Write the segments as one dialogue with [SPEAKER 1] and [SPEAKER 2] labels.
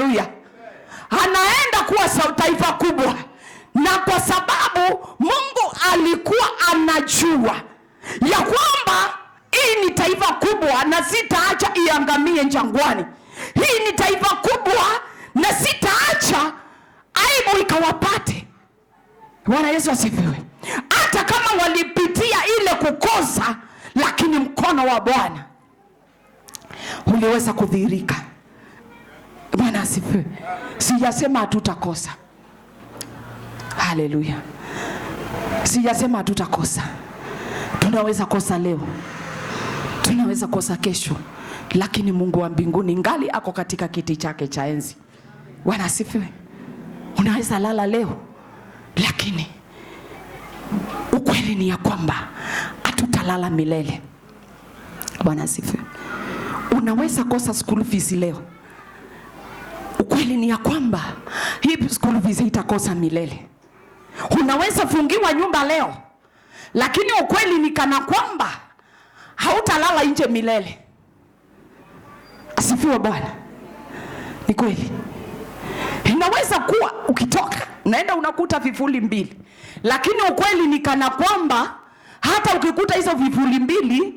[SPEAKER 1] Haleluya, anaenda kuwa taifa kubwa, na kwa sababu Mungu alikuwa anajua ya kwamba hii ni taifa kubwa na sitaacha iangamie jangwani. Hii ni taifa kubwa na sitaacha aibu ikawapate. Bwana Yesu asifiwe. Hata kama walipitia ile kukosa, lakini mkono wa Bwana uliweza kudhihirika asifiwe. Sijasema hatutakosa, haleluya. Sijasema hatutakosa. Tunaweza kosa leo, tunaweza kosa kesho, lakini Mungu wa mbinguni ngali ako katika kiti chake cha enzi. Bwana asifiwe. Unaweza lala leo, lakini ukweli ni ya kwamba hatutalala milele. Bwana asifiwe. Unaweza kosa school fees leo kweli ni ya kwamba hii school visa itakosa milele. Unaweza fungiwa nyumba leo, lakini ukweli ni kana kwamba hautalala nje milele. Asifiwe Bwana. Ni kweli inaweza kuwa ukitoka naenda unakuta vivuli mbili, lakini ukweli ni kana kwamba hata ukikuta hizo vivuli mbili,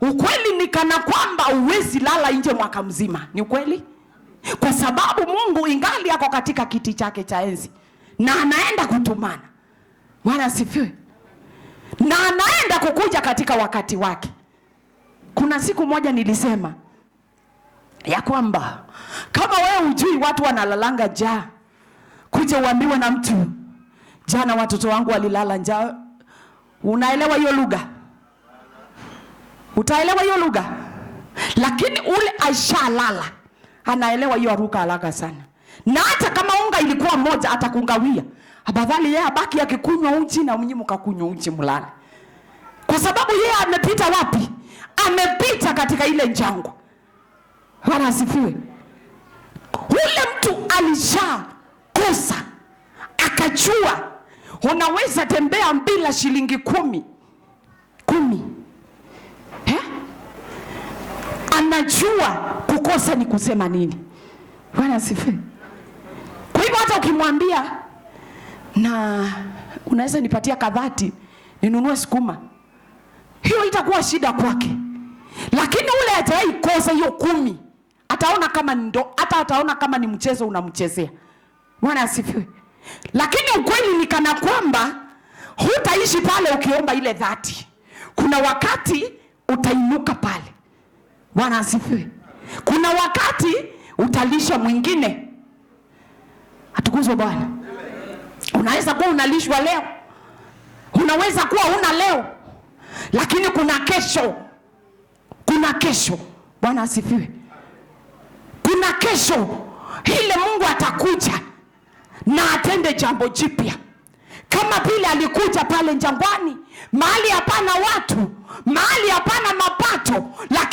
[SPEAKER 1] ukweli ni kana kwamba uwezi lala nje mwaka mzima. Ni ukweli kwa sababu Mungu ingali ako katika kiti chake cha enzi na anaenda kutumana. Bwana asifiwe, na anaenda kukuja katika wakati wake. Kuna siku moja nilisema ya kwamba kama wewe hujui watu wanalalanga njaa, kuja uambiwe na mtu jana watoto wangu walilala njaa. Unaelewa hiyo lugha? Utaelewa hiyo lugha, lakini ule aishalala anaelewa hiyo aruka haraka sana, na hata kama unga ilikuwa moja atakungawia, abadhali yeye abaki akikunywa uji na mnyimu kakunywa uji mlale, kwa sababu yeye amepita wapi? Amepita katika ile njangwa. Bwana asifiwe. Ule mtu alisha kosa akachua unaweza tembea bila shilingi kumi kumi, eh? Anajua kukosa ni kusema nini? Bwana asifiwe. Kwa hivyo hata ukimwambia na unaweza nipatia kadhati ninunue sukuma, hiyo itakuwa shida kwake, lakini ule hajawahi kosa hiyo kumi, ataona kama ndo, hata ataona kama ni mchezo unamchezea. Bwana asifiwe. Lakini ukweli ni kana kwamba hutaishi pale ukiomba ile dhati. Kuna wakati utainuka pale. Bwana asifiwe. Kuna wakati utalisha mwingine. Atukuzwe Bwana. Unaweza kuwa unalishwa leo, unaweza kuwa una leo, lakini kuna kesho, kuna kesho. Bwana asifiwe. Kuna kesho ile Mungu atakuja na atende jambo jipya, kama vile alikuja pale jangwani, mahali hapana watu, mahali hapana mapato, lakini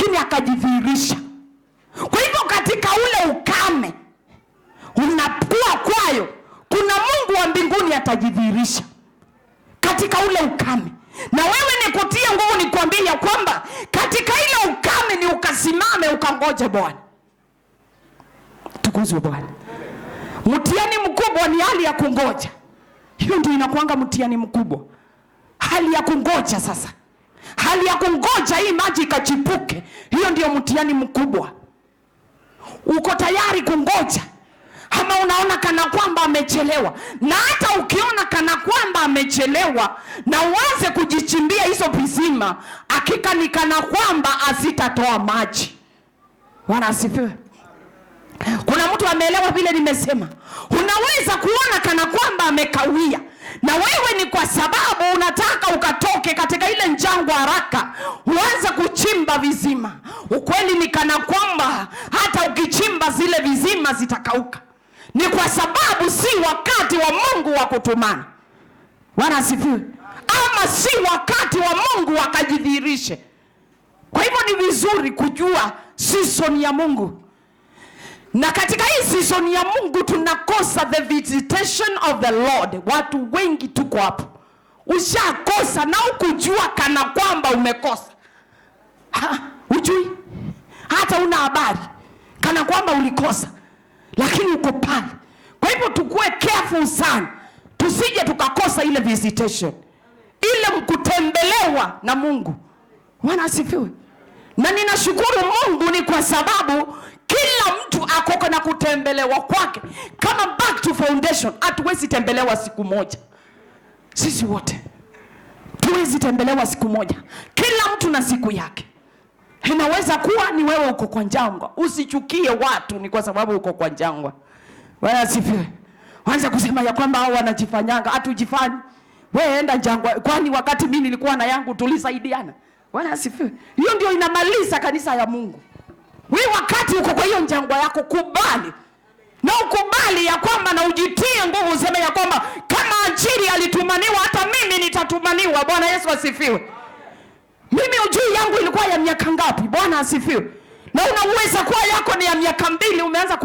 [SPEAKER 1] atajidhihirisha katika ule ukame. Na wewe nikutie nguvu, nikuambie ya kwamba katika ile ukame ni ukasimame ukangoje Bwana. Tukuzwe Bwana. Mtihani mkubwa ni hali ya kungoja. Hiyo ndio inakuanga mtihani mkubwa, hali ya kungoja. Sasa hali ya kungoja hii maji ikachipuke, hiyo ndio mtihani mkubwa. Uko tayari kungoja? ama unaona kana kwamba amechelewa, na hata ukiona kana kwamba amechelewa na uanze kujichimbia hizo vizima hakika ni kana kwamba asitatoa maji. Bwana asifiwe. Kuna mtu ameelewa vile nimesema. Unaweza kuona kana kwamba amekawia, na wewe ni kwa sababu unataka ukatoke katika ile njangwa haraka, uanze kuchimba vizima. Ukweli ni kana kwamba hata ukichimba zile vizima zitakauka ni kwa sababu si wakati wa Mungu wa kutumana. Bwana asifiwe. Ama si wakati wa Mungu akajidhihirishe. Kwa hivyo ni vizuri kujua season ya Mungu, na katika hii season ya Mungu tunakosa the visitation of the Lord. Watu wengi tuko hapo, ushakosa na ukujua kana kwamba umekosa ha, ujui hata una habari kana kwamba ulikosa lakini uko pale. Kwa hivyo tukuwe careful sana, tusije tukakosa ile visitation, ile mkutembelewa na Mungu. Bwana asifiwe. Na ninashukuru Mungu ni kwa sababu kila mtu akoko na kutembelewa kwake. Kama back to foundation, hatuwezi tembelewa siku moja, sisi wote tuwezi tembelewa siku moja, kila mtu na siku yake. Inaweza kuwa ni wewe uko kwa njangwa Usichukie watu ni kwa sababu uko kwa njangwa Bwana asifiwe. Waanza kusema ya kwamba hao wanajifanyanga, hatujifanyi. Wewe enda jangwa, kwani wakati mimi nilikuwa na yangu tulisaidiana. Bwana asifiwe. Hiyo ndio inamaliza kanisa ya Mungu. Wewe wakati uko kwa hiyo njangwa yako kubali. Na ukubali ya kwamba na ujitie nguvu, useme ya kwamba kama Ajili alitumaniwa hata mimi nitatumaniwa. Bwana Yesu asifiwe. Mimi ujui yangu ilikuwa ya miaka ngapi? Bwana asifiwe. Na unaweza kuwa yako ni ya miaka mbili umeanza